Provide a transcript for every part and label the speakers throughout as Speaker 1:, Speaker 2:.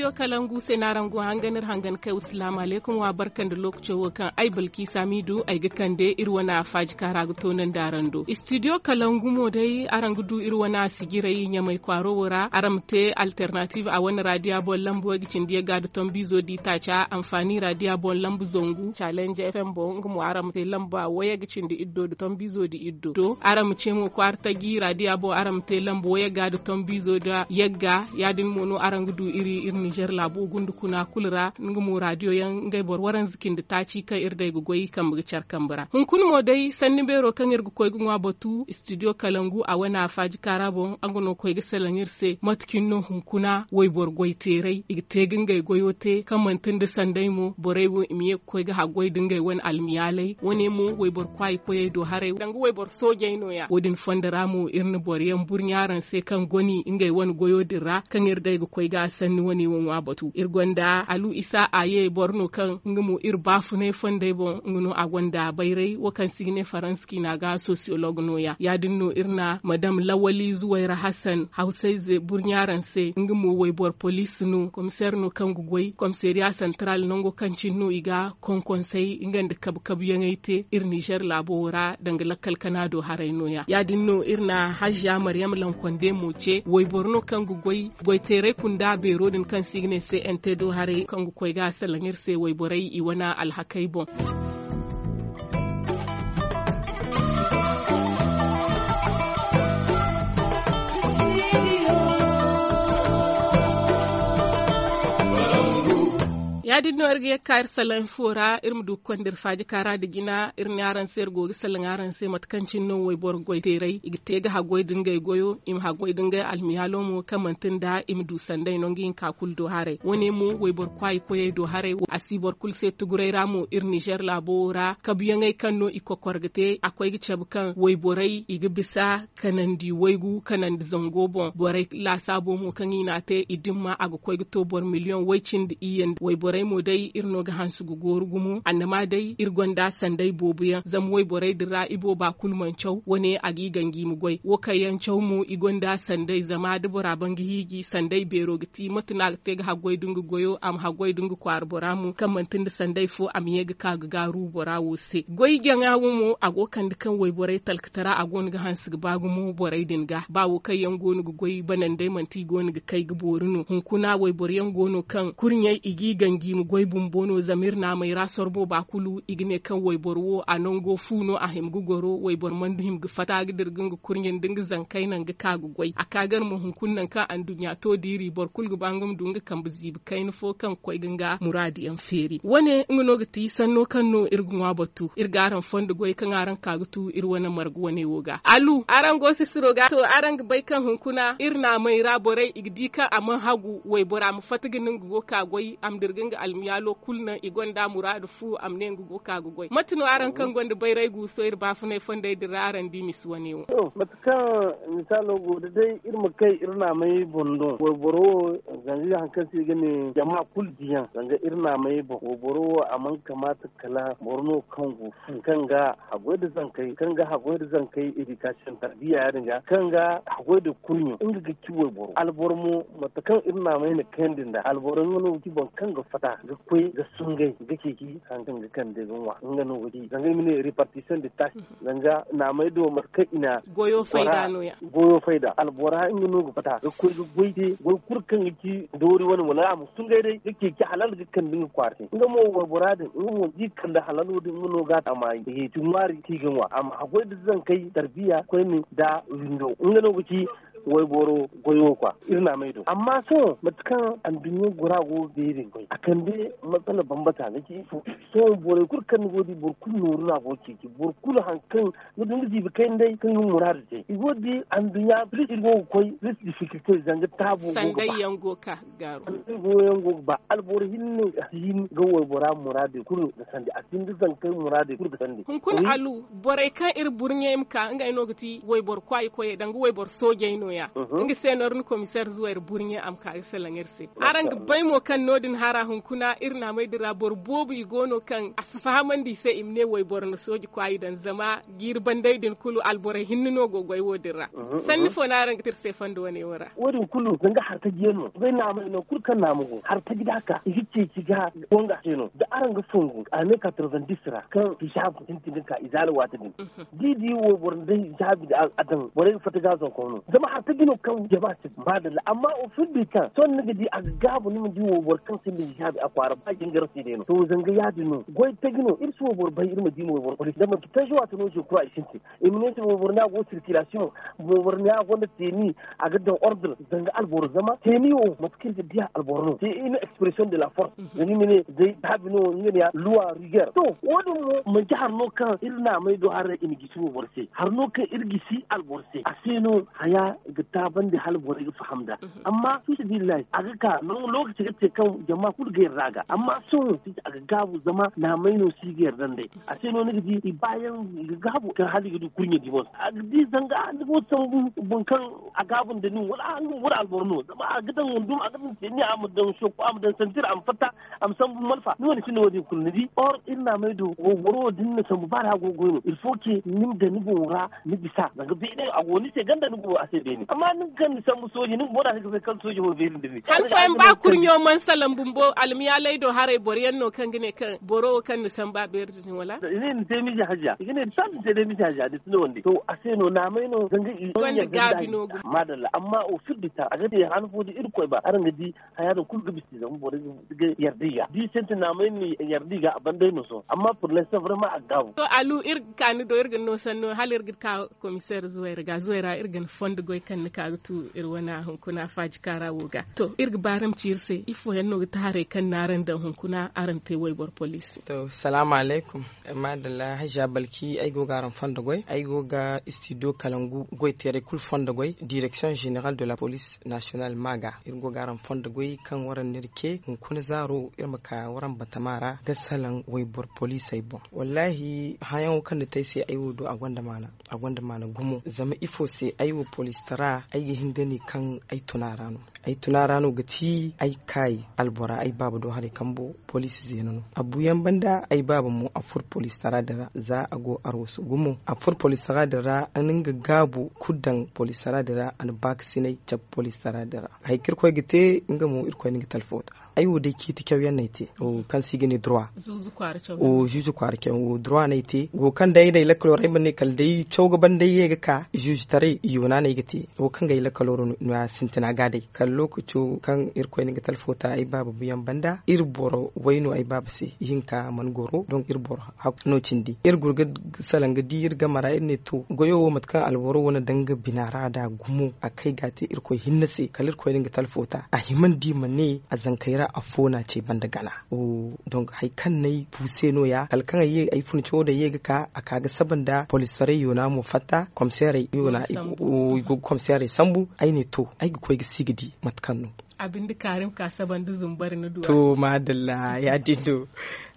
Speaker 1: studio kalangu sai na rangu hanganar hangan kai assalamu alaikum wa barkan da lokacin wakan ai bilki samidu ai gakan da irwana faji kara tonan daran studio kalangu mo dai aran gudu irwana sigirai ya mai kwaro wura aramte alternative a wani radio bon lambu gicin ya gada ton bizo di ca amfani radio bon lambu zongu challenge fm bon gumo aramte lambu a waya gicin di iddo da ton bizo di iddo do aramce mo ta gi radio bon aramte lambu waya gada ton bizo da yagga yadin mono arangudu iri irni Niger labu kuna kulra ngumu radio yang ngai bor waran zikin da taci ka irda gu goyi kam kan bugicar kambura. Hun kun mo dai sanni bero kan irgu koy gunwa botu studio kalangu a wana faji karabo angono koy gisalan irse matkin no hun kuna woy bor goy terai igte gingai goyote kan mantin da sandai mu borai wo imiye koy ga hagoy dingai wani almiyalai wani mo woy bor kwai koy do hare dangu woy bor soje no ya wodin fondara mu irni bor yan burnyaran se kan goni ingai wani goyodira dira kan irda gu koy ga sanni wani ngun batu irgonda alu isa aye borno kan ngumu ir ne fonde bon ngunu agonda bayrai wakan signe faranski na ga sociologue no ya ya dinno irna madam lawali zuwaira hassan hausaize burnyaran se ngumu wai bor police no commissaire no kan gugoy commissariat central nongo kan cinno iga kon conseil ngand kab kab yangaite ir niger labora dang lakal do haray no ya ya dinno irna hajja maryam lankonde moce wai borno kan goy tere kunda rodin kan sigine se en tedo do hare kangu koy ga salangir se way borai i wana alhakai adi noor ge kair salan fora irm du kondir faji kara de gina irni aran ser gogi salan aran se mat kanci no way bor goy terey igte ga ha goy dingay goyo im ha goy dingay almiyalo mu kamantin da im du sanday no ngin ka kul do hare woni mu way bor kwai koye do hare asi bor kul se tugure ramu ir niger la bora kabiyangay kanno iko korgete akoy gi kan way boray igi bisa kanandi waygu kanandi zango bon boray la sabo mu kan te idimma aga koygi to bor million way cindi iyen way boray mo dai irno ga hansugu gumu annama dai irgonda sandai bobuya wai borai dira ibo ba kulman chau wane agi gangi mu goi wo kayan chau mu igonda sandai zama dubura bangi higi sandai bero giti matuna te ga hagoi dungu goyo am hagoi dungu kwar mu kan mantin da sandai fo am yega ka ga garu wo se goi gyanga wumo ago kan kan wai borai talktara agon ga ba bagumo borai wo bawo yan gonu goi banan dai manti gonu ga kai ga borino hunkuna woi boryan gonu kan kurnyai igi gangi mi goy bumbono zamir na mai rasor bo ba kulu igne kan way bor wo anon go funo a him way bor mandu him gu fata gu gidir gu kurnyen zan zankai nan ka gu goy akagar mu hun kunnan ka an dunya to diri bor kul gu bangum gu kan buzibi kain fo kan koy ginga muradi yan feri wane ngono gati sanno kanno irgun wabatu irgaran fond goy kan aran kagutu mar gu wane woga alu aran go sisiroga to aran bai kan hun kuna ir na mai raborai ka amman hagu way waibora mu fatiginin gugo kagoi amdirgin almiyalo kulna gonda muradu fu amne ngugo kago goy matino aran kan gonde bayray gu soir bafune fonde dir aran di miswane wo
Speaker 2: matkan misalo go dey irma kay irna mai bondo woboro zanji hankan si gani jama kul diyan ganga irna mai bo boro aman kamata kala morno kan go kan ga hagoi da zan kai kan ga hagoi da zan kai education tarbiya yarin ga kan ga hagoi da kunyo inga ga wo boro albormo matakan irna mai ne kendinda da alboron wani ban kan ga fata ta ga kwai ga sungai ga keke an kan ga kan da gonwa an gano nogodi zan ga mini repartition da tax zan mhm. ga na mai do marka ina
Speaker 1: goyo faida no ya
Speaker 2: goyo faida albora in yi nogo fata ga kwai ga goide go kurkan ki dori wani wala am sungai dai ga keke halal ga kan dinga kwarte in ga mo albora din in ga ji kan da halal din mun noga ta mai ke tumari ki ganwa amma akwai da zan kai tarbiya kwai ni da windo in ga ki wai boro goyo kwa irna mai do amma so matukan an dunyo gura go bebe goy akan de matsala bambata nake so so bore kur kan godi bor kun na go ki bor kul hankan nudun ji bi kan dai kan murar je godi an dunya please go koy this difficulty zanga tabu go ba
Speaker 1: yango ka garo go yango ba albor hinne
Speaker 2: hin go wai bora murade kur da sande atin zan kai murade kur da sande kun kun alu
Speaker 1: bore kan ir burnyem ka ngai no gati wai bor kwai dan go wai bor soje ino noya inga mhm. senor nu commissaire zuwair burnye am ka iselangerse arang bai mo kan nodin hara hunkuna kuna irna mai dira bor bobu i gono kan asfahamandi se imne way borno soji ko dan zama gir bandai din kulu albore hinno go goy wodira mhm, mhm. sanni fo na arang tir se fando ne wara
Speaker 2: wodin kulu zanga har ta geno bai na mai no kurkan na mu har ta gida ka hicce ki ga wonga seno da arang songu a ne ka 90 ra kan hijab tintin ka izalwa wata din didi wo borno dai hijab da adam bore fata ga gazon ko no zama a gina kan jabati badala amma o fuddi kan son ne di a gabu ni di wo bor kan sin jabi a fara ba jin garsi de no to zanga ya dinu goy gina ir so bor bay ir madi mo bor polis da man ta jwa to no je kura isinti imne to mo bor na go circulation mo bor na go da teni a gadan order zanga al bor zama teni o matkin da dia al bor no ti in expression de la force ni mene ni ya luwa riger to wodin mo mun jahar no kan irna mai do har in gisu bor har no kan irgisi al bor haya ga ban da halbo da fahamda mhm. amma su shi billahi a ga ka nan lokaci ga kan jama'a kul ga yarda ga amma sun a ga gabu zama na maino si ga yarda dai a sai no nigi ji bayan ga gabu kan hali ga kunya di mos a ga di zanga an go san bun kan a gabun da ni wala an wala alborno zama a ga dan wundum a ga dan ni am dan so ko am dan santir am fata am san bun malfa ni wani ne wani kulni di or na mai do woro din na san ba go gogo il faut que nim da ni ra ni bisa daga bi dai a goni sai ganda ni bo a sai ni amma nin kan san soji nin bona ka kan soji ho velin dimi kan fa en ba kurnyo
Speaker 1: man salam bumbo almiya laydo hare boriyan no kan gine kan boro kan ni san ba berdi ni wala ne ni te mi haja igine san te
Speaker 2: de mi haja de tuno wonde to ase no na mai no ganga i wanda gabi no madalla amma o fiddita a gade han fodi irko ba aran gadi hayaran kul gabi ti zan bore ga yardiga di sente na mai ni yardiga abandai no so amma pour l'instant vraiment a gabu
Speaker 1: to alu ir kanu do irgan no sanno hal irgit commissaire zuwaira ga zuwaira irgan fond goy kan ni kaga tu ir wana hun kuna faji kara woga to ir baram cirse ifo hen no tare kan naran dan hun kuna
Speaker 3: arante wai bor police to salamu alaikum madalla hajja balki ai goga ran fonda goy ai goga studio kalangu goy tere kul fonda goy direction générale de la police nationale maga ir garam ran fonda goy kan waran nirke hun kuna zaro irma ka waran batamara gasalan wai police ai bon wallahi hayan kan da tai sai ai wodo a gwanda mana a gwanda mana gumo zama ifo sai ai police tara ai hinda hindani kan ai rano ai rano ga ti ai kai albora ai babu do hare kambo police abu yan banda ai babu mu a fur police tara da za a go aro su gumu a fur police tara da anin ga gabu kudan police tara da an bak sinai chap police tara da ai kirko gite inga mu irko ni talfota ayo de kiti kyau yan naite o kan sigi ne droit
Speaker 1: zuzu kwar kyau o
Speaker 3: zuzu kwar kyau o droit naite go kan dai dai lakalo rai ne kal dai kyau gaban dai yega ka zuzu tare yona ne gati o kan ga lakalo na sintina ga kan lokaci kan irko ne ga talfota ai babu biyan banda ir boro waino ai babu se ka man goro don ir boro no cindi ir gurga salan ga dir ga mara ne to goyo matkan alboro wona danga binara da gumu akai gati irko hinnase kalir ko ne ga talfota a himan di ne a zankai era a fona ce banda gana o haikan na kan nay poussé no ya kal kan ye fun cho da yega ka aka ga sabanda polisare yona mu fatta yi yona o komsere sambu ai ne to ai ko ga sigidi matkanno
Speaker 1: abin da karim ka saban da zumbar na duwa to
Speaker 3: madalla ya dindo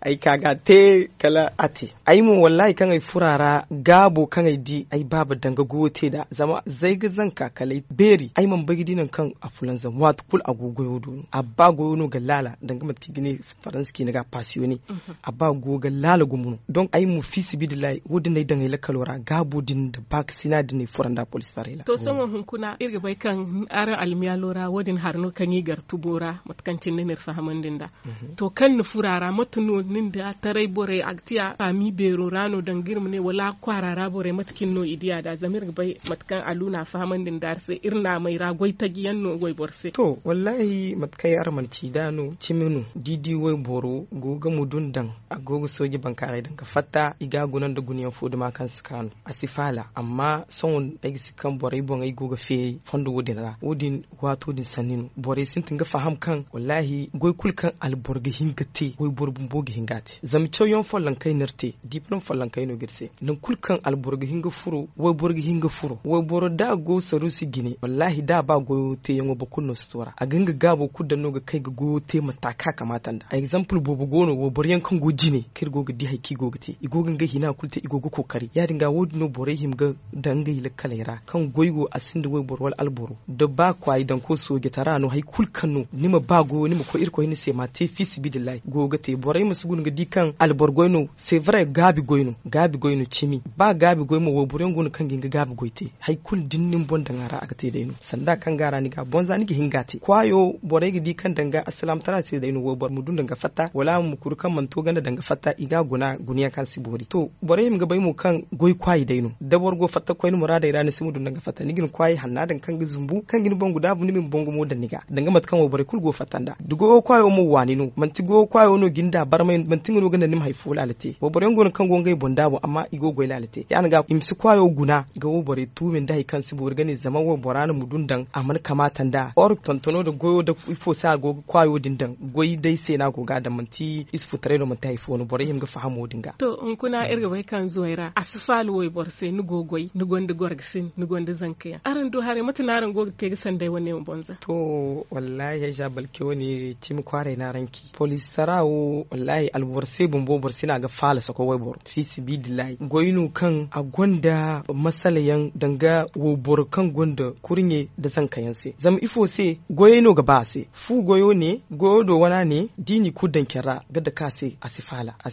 Speaker 3: ai kaga te kala ate ai mu wallahi kan ai furara gabo kan ai di ai baba danga gote da zama zai ga zan kakalai beri ai man bagidi dinan kan fulan zan wat kul agogo yodo abba goyo no galala danga mat kibine faranski naga passione mhm. abba go galala gumuno donc ai mu fisi bidilai wodi ne danga la kalora gabo din da bak sina din ne furanda police tarela to sanwa
Speaker 1: hunkuna irga bai kan aran almiya lora wodin harno kan yi gartubora mutkancin ne fahamin din da mhm. to kan furara matunu nin da tarai bore aktiya fami bero rano dan ne wala kwarara bore matkin no idiya da zamir bai matkan aluna faman din dar sai irna mai ragoi ta giyan
Speaker 3: no goi borse to wallahi matkai armanci dano ciminu didi wai boro goga mudun dan gogo soji bankare dan ka fatta iga gunan da guniyan fodu ma kan sukanu asifala amma son dai sikan bore bon ai goga fe fondo wodin ra wodin wato din saninu bore sun tinga faham kan wallahi goi kulkan alborga hingate goi borbun bogi ingati zamcew yon follankai nirte dipron lankay no girse nan kulkan alborgo hinga furo wo borgo hinga furo wo boro da go sarusi gine wallahi da ba go te yango bokun kunno stora a ganga gabo kudda no ga kai ga go te mataka kamata da a example bobo gono wo bor kan go jine kir go ga di ki go gate igo ganga hina kulte igo go kokari ya dinga wo no bore him ga danga yila kalera kan goygo asinda wo bor wal alboro da ba kwai dan ko so gitara no hay kulkan no nima ba go nima ko irko hin se ma te fi sibidillahi go ga te bore musu gun di kan albor goyno c'est vrai gabi goyno gabi goyno chimi ba gabi goymo wo buren gun kan ginga gabi goite hay kul dinnin bon dangara aga te dayno sanda kan gara ni ga bonza ni hingate kwayo bore gidi kan danga assalam tara te dayno wo bor mudun danga fatta wala mu kuru kan man to ganda danga fatta iga guna guniya kan sibori to bore mi ga mu kan goy kwai da bor go fatta koyno murada irani simu mudun danga fatta ni gin kwai hanna dan kan gi zumbu kan gin bongu da bu ni min bongu mo dan danga mat kan wo bore kul go fatta da dugo kwayo mu wani no man ti go kwayo no ginda barmai ban tingiro ganda nim hay fo lalate bo bore ngon kan gonga ibon dabo amma igo goy lalate ya ga imsi kwayo guna ga wo bore tumin dai kan si bore gani zaman wo borana mudun dan amal kamatan da or tontono da goyo da ifo sa go kwayo dindan goyi dai sai na go ga da manti isfu tare da mantai fo no bore him ga fahamo dinga
Speaker 1: to in kuna irga bai kan zuwaira asfal wo bor sai ni gogoi ni gondi gorgsin ni gondi zankiya
Speaker 3: aran do hare mutanaran go ke sandai wani bonza to wallahi ya balke wani cim kware na ranki polistarawo wallahi wallahi albor sai bumbo bor sina ga fala sako wai bor sisi bidillahi goyinu kan a gwanda masalayan danga wo kan gwanda kurnye da san kayan sai zama ifo sai goyino ga ba se fu goyo ne goyo do wana ne dini kudan kira ga da ka se a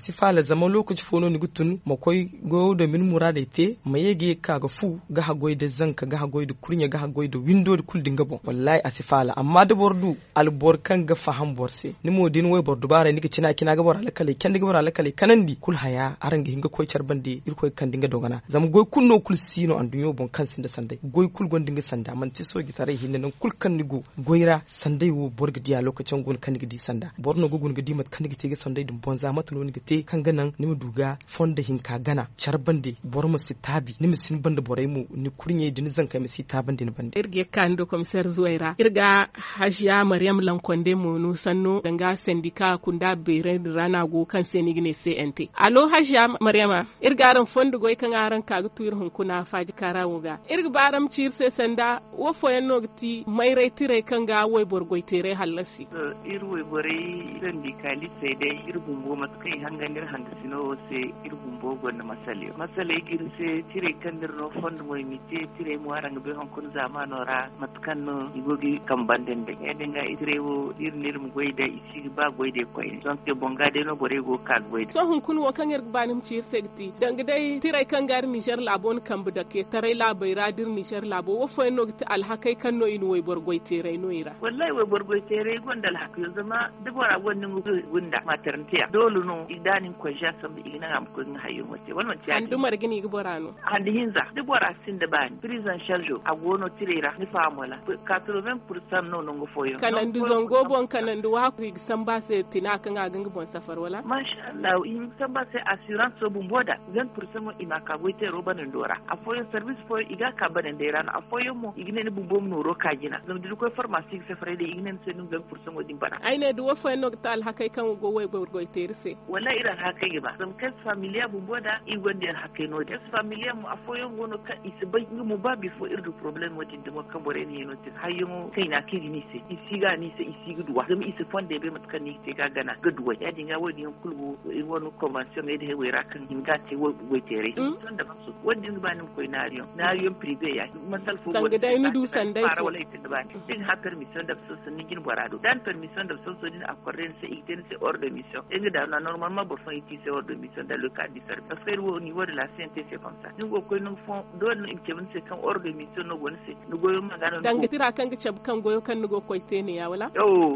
Speaker 3: sifala zama lokaci fono ni gutun makwai goyo da min murada te mayege ka ga fu ga hagoi da zanka ga hagoi da kurnye ga hagoi da window da kul dinga bon wallahi sifala amma da bordu albor kan ga faham sai ni modin wai bordu bare ni ga cina kina ga bor ala kale kendi gibon ala kale kanandi kul haya aranga hinga koy charbande ir koy kandi nga dogana zam goy kul no kul sino andu yo bon kan sinda sande goy kul gondi nga sanda man ci so tare hinne non kul kandi kannigu goyra sande wo borga diya lokacin kandi gi di sanda borno gugun ga dimat gi tege sande dum bon zamat no gi te kanga nan nimu duga fonda hinka gana charbande borma sitabi nimu sin bande boray mu ni kurnye din zan kai mi tabande ni bande
Speaker 1: irge kando komisar zuwaira irga hajia maryam lankonde mu no sanno ganga sendika kunda beren na go kan senig ne CNT. Alo hajiya Maryama, irgaran fondu goy kan aran kaga tuir hun kuna faji karawo ga. Irg baram cir se sanda wa foyan nogti mai rai tire kan ga woy borgoy tere hallasi.
Speaker 4: Ir woy bore zan bi kali sai dai ir bumbo matukai hanganir hangasino se ir bumbo gonna masale. Masale gir se tire kan dir no fondu moy mite tire mo arang be hon kun zamanora matukan no igogi kan banden e de. Edenga itrewo irin nirin goi da isi ba goy de koy. Zonke bongade no bore go kad boy
Speaker 1: so hun kun wo kan banim ci segti dang dai tirai kan gar niger labon kan bu dake tarai labai radir niger labo wo fo no gita hakai kan no in way borgoy tirai no ira wallahi way borgoy tirai gondal hak yo zama dubora gonnin gunda matarntiya
Speaker 4: dolu no idanin ko ja sam bi ina am ko ngai hayo wote wannan ci andu margini gibora no andi hinza dubora sin da bani prison charge a gono ra ni famola 80% no no go foyo kanan du
Speaker 1: zongo bon kanan du wa ku san ba se tinaka kan ga gangbon safa farwala masha Allah in ba sai assurance sobun boda zan mu ina ka goite robanin
Speaker 4: dora A foyon service foyon iga ka banan da irana afoyo mo igne ni bubom no ro ka gina zan diru ko pharmacy da frede igne se num zan
Speaker 1: mu din bana ai ne do wofo no tal hakai kan go way go go terse wala iran hakai ba zan kai familia bun boda i gonde hakai no des familia
Speaker 4: a foyon gono ka isbai mu ba before irdu problem mo din mo kan bore ni no tin hayo kai na kiri ni se ga ni se isiga duwa zan isi fonde be matkan ni te ga gana gaduwa ya dinga woni yon kulgu e wonu convention e he wera kan hingati woitere hmm? ton da fasu wadi banim koy nariyon nariyon privé ya masal fu wodi dai ni du sandai fara wala itin ba din ha permission da so sun nigin do dan permission da so so din accordé se iten se ordre de mission e ngi da na normalement bo fon iti se ordre de mission dans le cadre du service parce que wo ni wodi la CNT c'est comme ça ngo
Speaker 1: koy no fon do no im kebin se kan ordre de mission no gon se no goyo magana dan gitira kan ga gichab kan goyo kan no go koy tene ya wala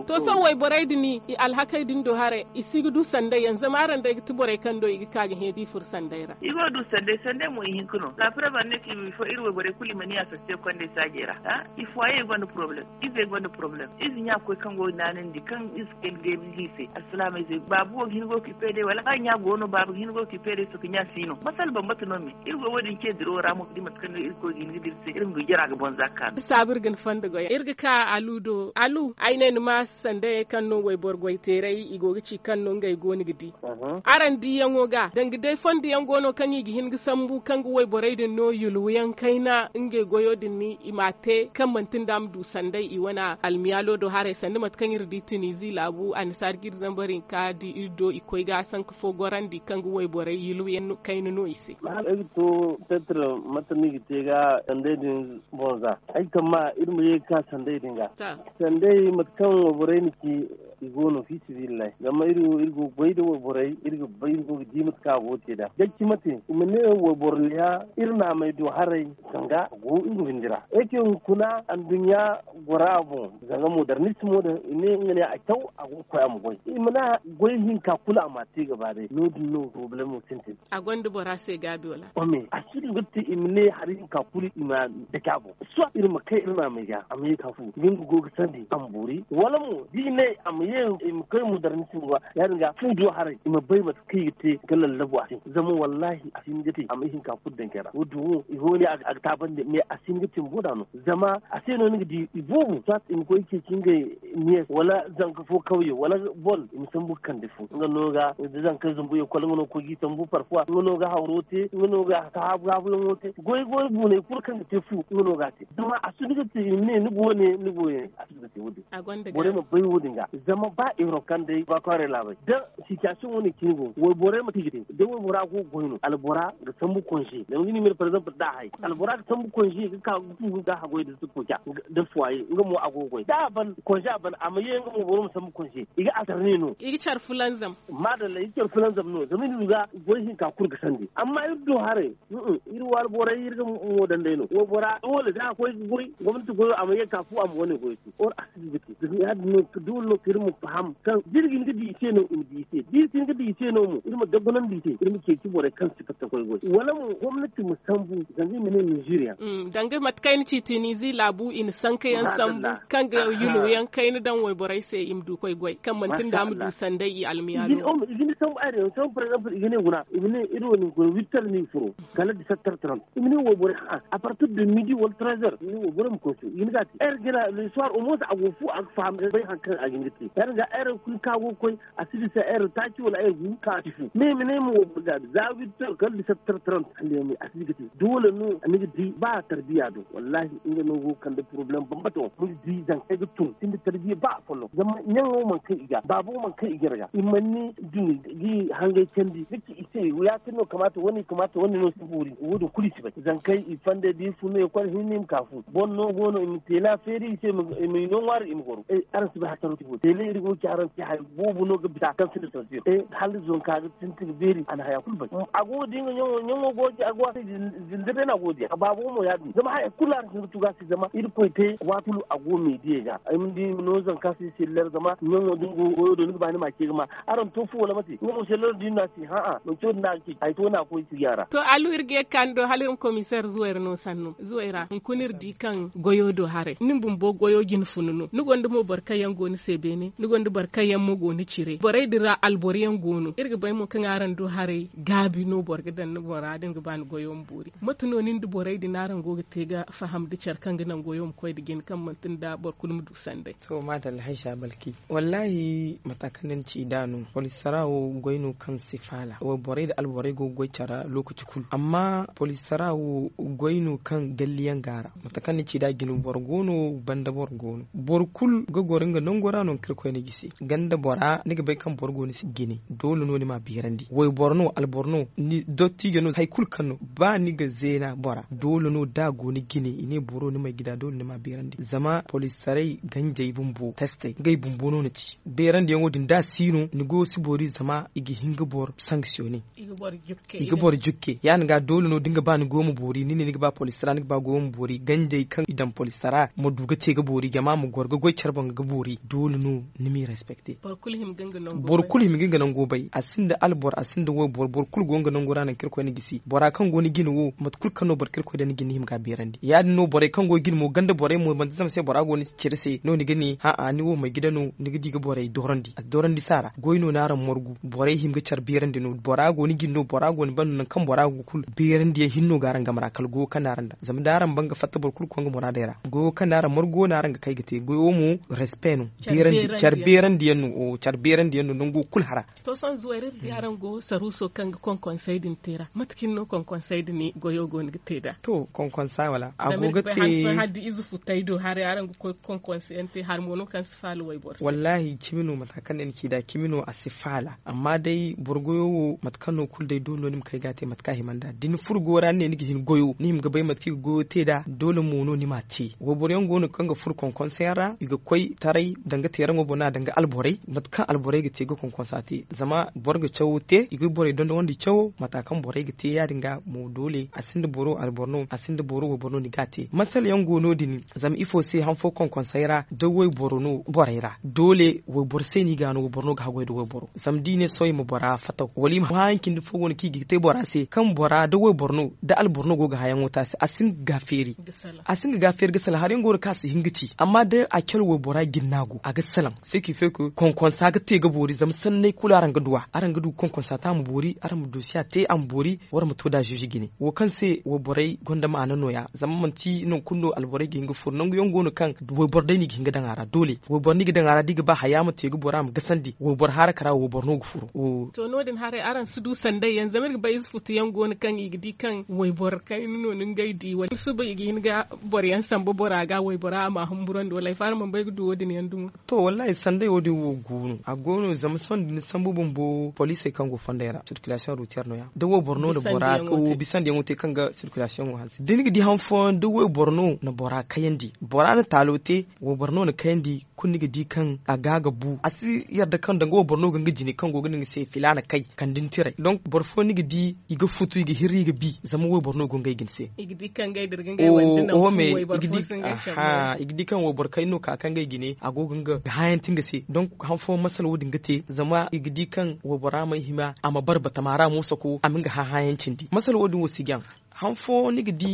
Speaker 1: to so way boraydini alhakaydin do hare isigu du sande yanzu maran da tubore kan do igi kagin hedi fur sande ra igo du sande sande mo yin kuno la
Speaker 4: preuve ne ki mi fo irwe bore kuli mani asa asose konde sagera ha I fo aye gon problem I ze gon problem I izi nya ko kango nanen di kan is ken de lise assalamu ize babu o go ki pede wala ka nya gono babu go ki pede su nya sino masal ban mata nomi irwe wodin ke diro ramu di mat matkan irko gin dirse irin jira ga bon kan sabir
Speaker 1: gin fanda goya irga ka aludo alu aine ma sande kan no way borgoy terai igogi ci kan no gai goni gidi mhm. aran di yango ga dangi dai di yango no kan yigi hingi sambu kan gu wai borai din no yulu yan kaina ngai goyo din ni imate kan mantin dam du sandai i wana almiyalo do hare sandi mat kan yirdi tunizi labu an sargir zambarin ka di irdo ikoi ga san ka goran di kan gu wai borai yulu yan kaina no ise mal
Speaker 2: to tetra matani gite ga sandai din bonza ai kama irmu ye ka sandai din ga sandai mat kan borai ni ki igono fi civilna zama irgo irgo boyde wo boray irgo bai irgo dimat ka gote da dakki mate kuma ne wo borliya irna mai do harai ganga go irgo hindira yake kuna an dunya gorabo abu zanga modernismo da ne ngane a kyau a go koya mu goi imana goi hin ka kula ma ti gaba dai no din no problem mu tintin
Speaker 1: a gonda bora sai gabi wala me a cikin
Speaker 2: gutti imne harin ka kuli ima da kabo so irma kai irna mai ga amma ka fu yin go ga sandi an wala mu dine ne amma ne im kai modernism ba ya ringa sun duwa harai ima bai ba kai te galan labu asin zama wallahi asin gati am ihin ka fuddan kera wudu ihoni a taban da me asin gati boda no zama asin no ni di ibubu sat im ko yake kinga ne wala zanka fo kauye wala bol im san bukkan da fu nga noga da zanka zumbu ya kwalin no ko gitan bu farfuwa nga noga haurote nga noga ta habu habu ngote goy goy bu ne kurkan te fu nga noga te dama asin gati ne ni ne ni bo ne asin
Speaker 1: gati wudu a gwanda ga bore ma
Speaker 2: bai wudin ga zama amma ba iro kan dai ba kware labai da situation woni kingo wo bore mu tijidi da wo bora ko goyno al bora ga sambu konji da ngini mir for example da hay al bora ga sambu konji ga ka gugu ga hago goyi da su kuja da fuwaye ga mu goy da ban konji ban amma ye ga mu boro mu sambu konji iga atarne no
Speaker 1: iga char fulanzam
Speaker 2: madalla iga char fulanzam no zamin ga hin ka kurga ga sandi amma yuddo hare irwa al bora yirga mu dan dai no wo bora dole da akwai guri gwamnati goyo amma ye ka fu am woni goyi or asibiti da ya no dole kirmu faham kan jirgin ga di ce no in di ce jirgin ga di ce no mu irma daggunan di ce irma ke ki bore kan sifata koy goy wala mu gwamnati mu sambu zangi mene Nigeria
Speaker 1: mm, ni matkain ni zi labu in sanke yan sambu kan ga yulu yan kai ni dan wai borai sai im du koy goy kan mantin da mu du sandai mu
Speaker 2: igini sambu are sambu par exemple igini guna igini ido ni guna wittal ni furo kala di satar 30 igini wo bore a partir de midi wal 13h igini wo bore mu ko su igini ga er gina le soir au moins a fu ak fam bay hankan a gingiti herga er kun kago koy asidi sa ta taki wala er gu ka tifu me me ne mo buga zawi to kal di tar tar ande mi asidi gati dole no anigi di ba tarbiya do wallahi inga no go kan da problem ban bato mu di dan kai tun tin da tarbiya ba follow zama nyango man kai iga babu man kai iga ga imanni di gi hange kendi niki ise ya tino kamata wani kamata wani no siburi wudu kulisi ba zan kai ifande di fu e kwal hinim kafu go no in tela feri ise mi non war im goro e eh, aransi ba ti bo tele ne irin go jaran ti hay bobu no ga bita kan sin sin eh hal zon ka ga tin tin beri an haya kul mm, a godi dinga nyongo nyongo go ji agwa zindire na godi a babu mo ya zama haya kula sin tuga si zama iri koi te watulu go me die ga ai mun di no zan ka si siller zama nyongo dingo go do ni ba ni ma ke ma aran to fu wala mati nyongo siller di na si ha a no to na ki ai to na ko si yara
Speaker 1: to alu irge kando halim commissaire zuwer no sannu zuwera kunir di kan goyo do hare nimbum bo goyo jin fununu nugon dumo barkayan goni ne ni bar kayan mu goni cire borai dira alboriyan gono irga bai mu kan aran do hare gabi no borga dan no bora din ga ban goyon buri matuno nin du borai di naran go tega faham di charkan ginan goyon koy di gen kan man da bor kulum du
Speaker 3: sande to madal haisha balki wallahi matakanin ci danu wal sarawo goyno kan sifala wa borai da alborai go goy cara lokaci kul amma polisarawo goyno kan galliyan gara matakanin ci da ginu gono banda borgono borkul go goringa non gorano kirko ko ni gisi ganda bora ni be kan borgo ni si gine dole no ni ma birandi way borno al borno ni dotti gano hay kul kanu ba ni ga zena bora dole no da goni gini gine boro ni mai gida dole ni ma birandi zama police sarai ganjai bumbo teste gai bumbo no ni ci birandi yango din da sino ni go si bori zama igi hinga bor sanctione igi bor jukke yan ga dole no dinga ba ni goma bori ni ni ba police sarai ba bori ganjai kan idan police sarai mu duga ce ga bori jama mu gorga ga bori no nimi respecté
Speaker 1: bor kul him
Speaker 3: ginga nan gobai asinda albor asinda wo bor bor kul gonga nan gora nan kirko ni gisi bora kan ni gini wo mat kul kan no bor kirko da ni gini him ga berandi ya no bor kan go gini mo ganda bore mo ban zam sai bora ni cirse no ni gini ha a ni wo mai gidano ni gidi ga bore dorandi a dorandi sara goyno naran morgu bor e him ga char berandi no bor go ni gini no bor go ni ban nan kan bora go kul berandi ya e hinno garan ga marakal go kanaran da zam daran banga fatta bor kul konga na da go kanaran morgo naran ranga kai gite go mu respect no berandi charberan diyannu o oh, charberan diyannu nungu kul hara
Speaker 1: to son zuwarir yaran go so kan kon conseil din tera matkin no kon conseil din goyo go ni
Speaker 3: teda to kon sa wala agoga te haddi
Speaker 1: izu futai do har yaran go kon conseil te har mono kan sifalu wai bor
Speaker 3: wallahi kimino matakan en kida da kimino asifala amma dai burgoyo no kul dai dole nim kai gate matka himanda din furgora ne ni gihin goyo ni ga bai matki go teda dole mono ni mati wo boryon go ni kanga fur kon conseil ra iga koi tarai danga teran go gona danga alborai matka alborai ga te ga konkonsati zama borga cewo te igi borai don da wanda cewo matakan borai ga te ya dinga mu dole a sinda boro alborno a sinda boro wa borno digate masal yan gono dini zama ifo se han fo kon konkonsaira da wai borno boraira dole wai borse ni gano wa borno ga hagwai da wai boro zam dine soy mu bora fatau wali ma hankin fo fogon ki gite bora se kan bora da wai borno da alborno go ga hayan wuta se asin gaferi asin gaferi ga sal har yan goro kasi hingici amma da a kyalwa bora ginnago a gasalan ce qui konkon que sa ga te ga bori zam san nay kula ran gaduwa aran gadu konkon sa ta mu bori aran mu dosiya te am bori war mu to da juji gine wo kan se wo borai gonda ma nan noya zam mun ti non kunno al borai gi nga furnan gu yongo kan wo bor dai ni gi dan ara dole wo bor ni gi dan ara diga ba haya mu te ga bora mu gasandi wo bor har kara wo bor no gu furo
Speaker 1: to no din har aran su du dai yanzu mir bai su futu yango kan igdi kan wo bor kai nuno nin di wa su ba igi ga bor yan san bo bora ga wo bora ma hum humburon dole far mun bai
Speaker 3: gudu wodin yan dum to wallahi na e sande wodi wo gunu a gono zama son din sambu bo police kan go yara circulation routière no ya da wo borno da bora ko bisan da kan ga circulation wo hansi din gidi han fon da wo borno na bora kayandi bora na talote wo borno na kayandi kun ni gidi kan agaga bu asi yarda kan da wo borno ganga jini kan go ganin sai filana kai kan din tire donc borfo ni gidi iga futu iga hirri iga bi zama wo borno gonga se
Speaker 1: igidi kan ga dirgin ga wanda na wo me igidi ha
Speaker 3: igidi kan wo borkai no ka kan ga gine ga bayan tinga se don han fo masal wudin gate zama igidi kan wabara mai hima mabar barba tamara musa ko aminga ha hayancin di masal wudin wasigan han fo niga di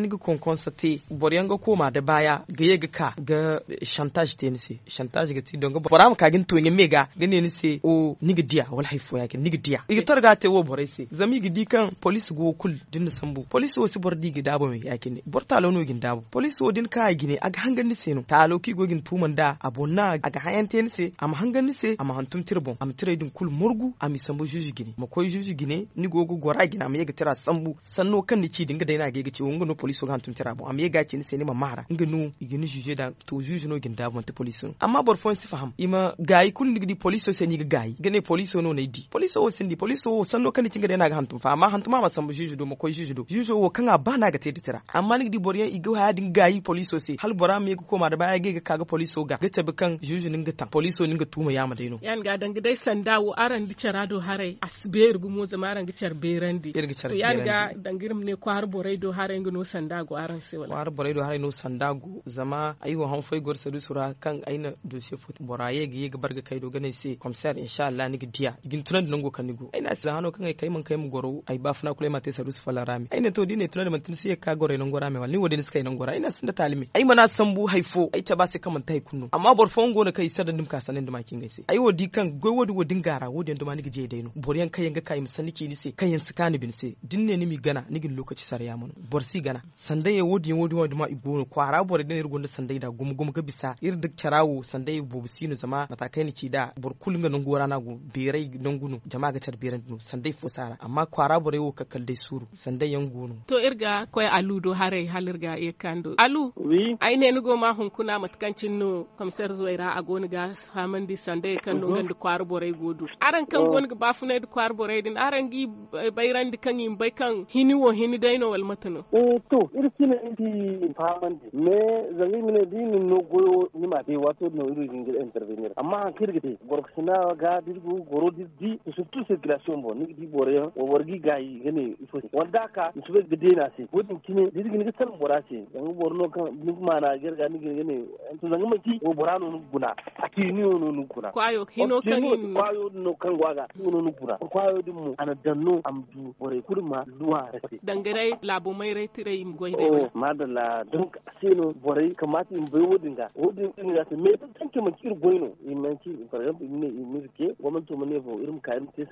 Speaker 3: nigi konkon sa te boryan ga koma da baya ga ye ga ka ga eh, chantage te ni se chantage ga ti don ga boram ka gin to nge mega ga ne ni se o nigi dia wala haifo ya ke nigi dia i tar ga te wo borai se zami gi di kan police go kul din na sambu police wo si bor di ga dabo me ya ke ne bor talo no gin dabo police wo din ka gi ne aga hanga ni se no talo ki go gin tuman da abonna aga hayan te ni se am hanga ni se am hantum tirbon am tire din kul murgu am sambu juju gi ne makoy juju gi ne ni go go gora gi na me ga tira sambu sanno kan ni ci dinga da yana gege ci wonga no police ga tun tira bon am yega ci ni sai ni ma mara nga nu ni juge da to juge no ginda bon te police no amma bor fon si faham ima gayi kun ni di police so sai ni ga gayi gane police no ne di police so sindi police o sanno kan ni cinga da na ga hantum fa amma hantum ma san juge do mo ko juge do juge wo kan ba na ga te di tira amma ni di bor yan igo ha din gayi police so se hal bora me ko ma da ba ga ka ga police so ga ga bi kan juge ni ga ta police so ni ga tuma ya ma dai no
Speaker 1: yan ga dangidai sanda wo aran licara do harai
Speaker 3: asbe irgumo zamaran ga berandi irgicar to yan ga
Speaker 1: dangi irim ne ko har borai do har engu no sandago aran se wala
Speaker 3: har borai do har no sandago zama ayo han fai gor sadu sura kan aina dossier fut boraye gi ga barga kai do ganin se komsar insha Allah ni gidiya igin tunan da go kanigo aina sa hano kan kai man kai mu goro ai ba fana kule mate sadu fala rami aina to dine tunan da man tinsi ka gore nan gora mai me walni wodin skai nan gora aina sun da talimi ai mana san bu haifo ai ta ba se kaman tai kunno amma bor fongo na kai sadan dum ka sanin da makin gaise ai wodi kan goi wodi wodin gara wodi dum ma ni gije dai no boriyan kai yanga kai musani ke ni se kai yan sukani bin se dinne ni mi gana nigin lokaci sar ya mun borsi gana sandai ya wodi wodi wodi ma igono kwara bore da irgon da sandai da gum gum ga bisa ir duk charawo sandai bobsi nu zama matakai ni ci da borkul ga non gora nago berai non gunu jama'a ga tarbiran nu sandai fosara amma kwara bore wo kakkal dai suru sandai yan gono
Speaker 1: to irga koy alu do hare halirga e kando alu wi ai ne ni ma hun kuna matkancin nu komisar zuwaira a goni ga hamandi sandai kan no gandu kwara bore godu aran kan oh. goni ga bafuna da kwara bore din aran gi eh, bayran kan yin bai kan hiniwo mo hini dayno wal matano
Speaker 2: o eh, to iri kine ndi famande mais zangi mine di no goyo ni ma be wato no iri ngir intervenir amma kirgite gorksina ga dirgu goro di surtout circulation bo ni di bore wargi gayi gane ifo wanda ka sube gide na se wodin kine dirgi ni tan bora se borno kan ni ma na gerga ni gane to zangi maki wo borano nu guna aki ni no nu guna kwayo hino kan kwayo no kan gwaga no nu guna kwayo dimu ana danno amdu bore kurma duwa rase
Speaker 1: dangarai labo mai rai tirai im da dai oh,
Speaker 2: madalla donc sino bore kamata in bai wudin ga wudin din da me tanke mun kir goyno in nan ci for example in ne in rike woman to ne fo irin kayan te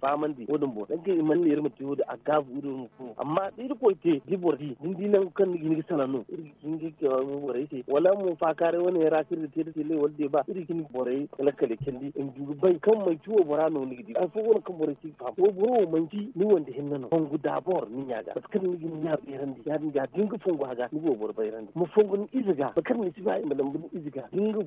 Speaker 2: fa man di wudin bo dan ke in man ne irin mutu da agabu wudin mu ko amma dir ko te di bore di din din kan ni ni sana no irin ki ke mu bore te wala mu fa kare wani ya rafi da te da le walde ba irin kin bore kala kala kin di in ju bai kan mai tuwo bora no ni di a fo wani kan bore ci fa ko mun manji ni wanda hinna no kon guda babor niñaga par ce que migin ña ɓeyrandi yaɗum ga dinga fongoaga migo bor ɓeyrandi mo fongon isiga par ce que mi sifa mbaɗam ɗum isiga dinga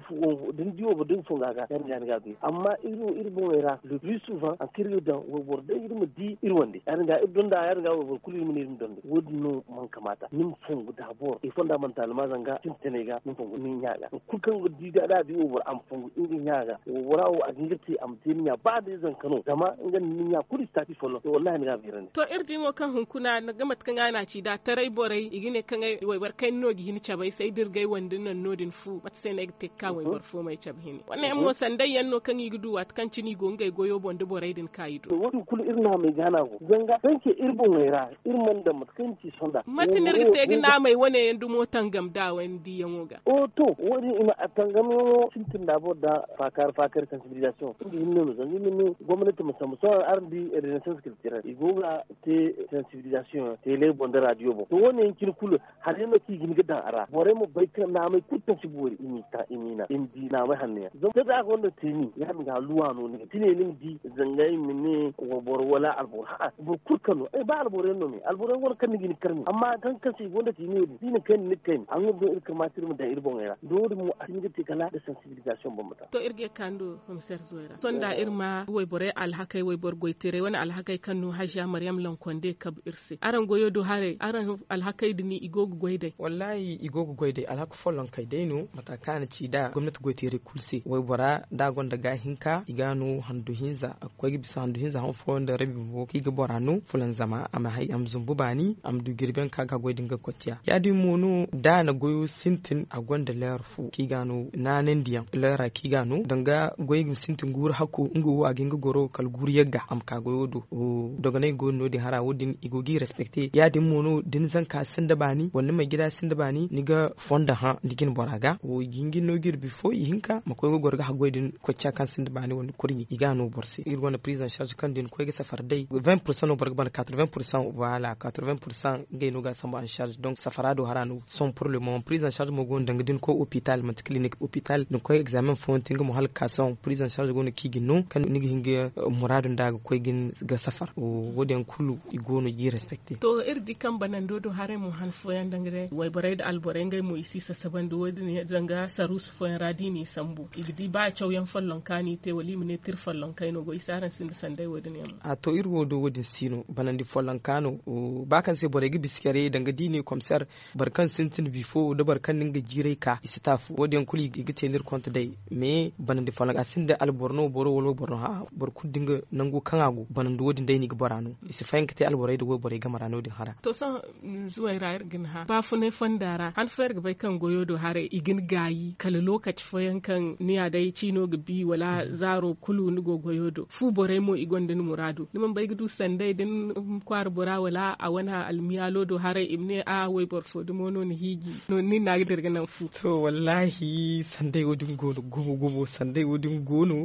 Speaker 2: din diwobo dinga fongaga yaɗum yaniga ɓe amma iru iru bon era le plus souvent en kiryo dan wobor de irma di irwande yaɗum ga donda yaɗum ga wobor kulirmin irum donde wodno man kamata nim e da dabord e fondamentalement zanga tintenega nim fongo ni ñaga kulkan diga da di wobor am fongo ingi ñaga wobora o ak ngirti am teni ña ba de zan kano dama ngan ni ña kuri stati fonno wallahi ni ga ɓeyrandi
Speaker 1: to irtimo kan hunkuna na gama kan ana ci da tarai borai igine kan wai bar kai no gi hincha bai sai dirgai wandin nan nodin fu mat sai na te ka wai mhm. bar fu mai chab hini wannan mo mhm. sandai yanno kan yi gudu wat kan cini gongai goyo bonde borai din kaido
Speaker 2: wadu kul irna mai gana ko zanga sanke mai ra irman da matkan ci sonda matinir eh, te eh, gina eh.
Speaker 1: mai wane yandu motan gamda wandi yamoga
Speaker 2: o to wani ima atangamo sintin da boda fakar fakar sensibilisation inda hinno zanni gwamnati musamman sauran R&D renaissance culturelle igoga te ten civilisation tele bonde radio bo to wonen kirkulo no ki gimi dan ara bore mo baita na mai kutta ci bori ini ta in di na mai hanne zo da ga wannan tini ya mi ga luwa no ne tini ne di zangai mi ne wa bor wala alburha bo kurkan no e ba alburen no mi alburen wala kan gini karmi amma kan kan ci gonda tini ne tini kan ne kan an go ir kamatir mu da ir bon era do mu
Speaker 1: asinga te kala da sensibilisation bon mata to irge kando hom ser zoira ton da irma wai bore alhakai wai bor goitere wona alhakai kanu hajja maryam lankonde kab irse aran goyo do hare
Speaker 3: aran alhakai dini igogo goyde wallahi igogo goyde alhaka folon kai mata kana ci da gwamnati goitere kulse wai bora da gonda hinka igano handuhinza akwai bisa handuhinza han fon da rabi bo ki ga n'u folon zama amma hay am zumbu bani am du girben ka ga goidin ga kwatiya ya di mono da na goyo sintin a gonda layar fu ki gano nanen diyan layara ki gano danga goyin sintin gura hako ngo wa ginga goro kal gura yaga am ka goyo do o daga go no di hara wudi din igogi respecté ya din mono din zanka sun da bani wani mai gida sun da bani ni ga fonda ha digin boraga o gingi no gir before yi hinka ma ko gor ga hagoy din ko cha kan sun da bani wani kurni iga no borse ir wona prison charge kan din ko ga safar dai 20% borga ban 80% voilà 80% ngay no ga samba en charge donc do harano son pour le moment prison charge mo gon dang din ko hôpital mat clinique hôpital din ko examen fontin mo hal kason prison charge gon kigi no kan ni hinga eh, muradun daga ko gin ga safar o woden kulu igo gono gi respecté
Speaker 1: to ir kan banan dodo hare mu han foyan dangre wai borai da alborai ngai mu isi sa saban do wadi ne danga saru su foyan radi ne sambu igdi ba chau yan fallon kani te wali mu ne tir fallon kai no go isaran sin sandai wadi ne
Speaker 3: a to ir wodo wadi sino banan di fallon kano ba kan se borai gi biskare danga dini komsar barkan sintin bifo da barkan ninga jirai ka istafu wadi yan kuli igite nir konta dai me banan di fallon asin da alborno boro wolo borno ha bor kudinga nangu kangagu banan do wadi dai ni gbarano isi fayan kite al boray da go boray gamara no da hara
Speaker 1: to san mm, zuwa rayar gin ha ba fune fandara han an ga bai kan goyo do hara igin gayi kala lokaci fayan kan niya dai cino ga bi wala mhm. zaro kulu ni go goyo do fu boray mo igon din murado man bai gudu sandai din mm, kwar bora wala a wana almiyalo do hara imne a wai borfo dumo mono ni higi
Speaker 3: no ni na gidirga nan fu to wallahi sandai wodin gono gumo gumo sandai wodin gono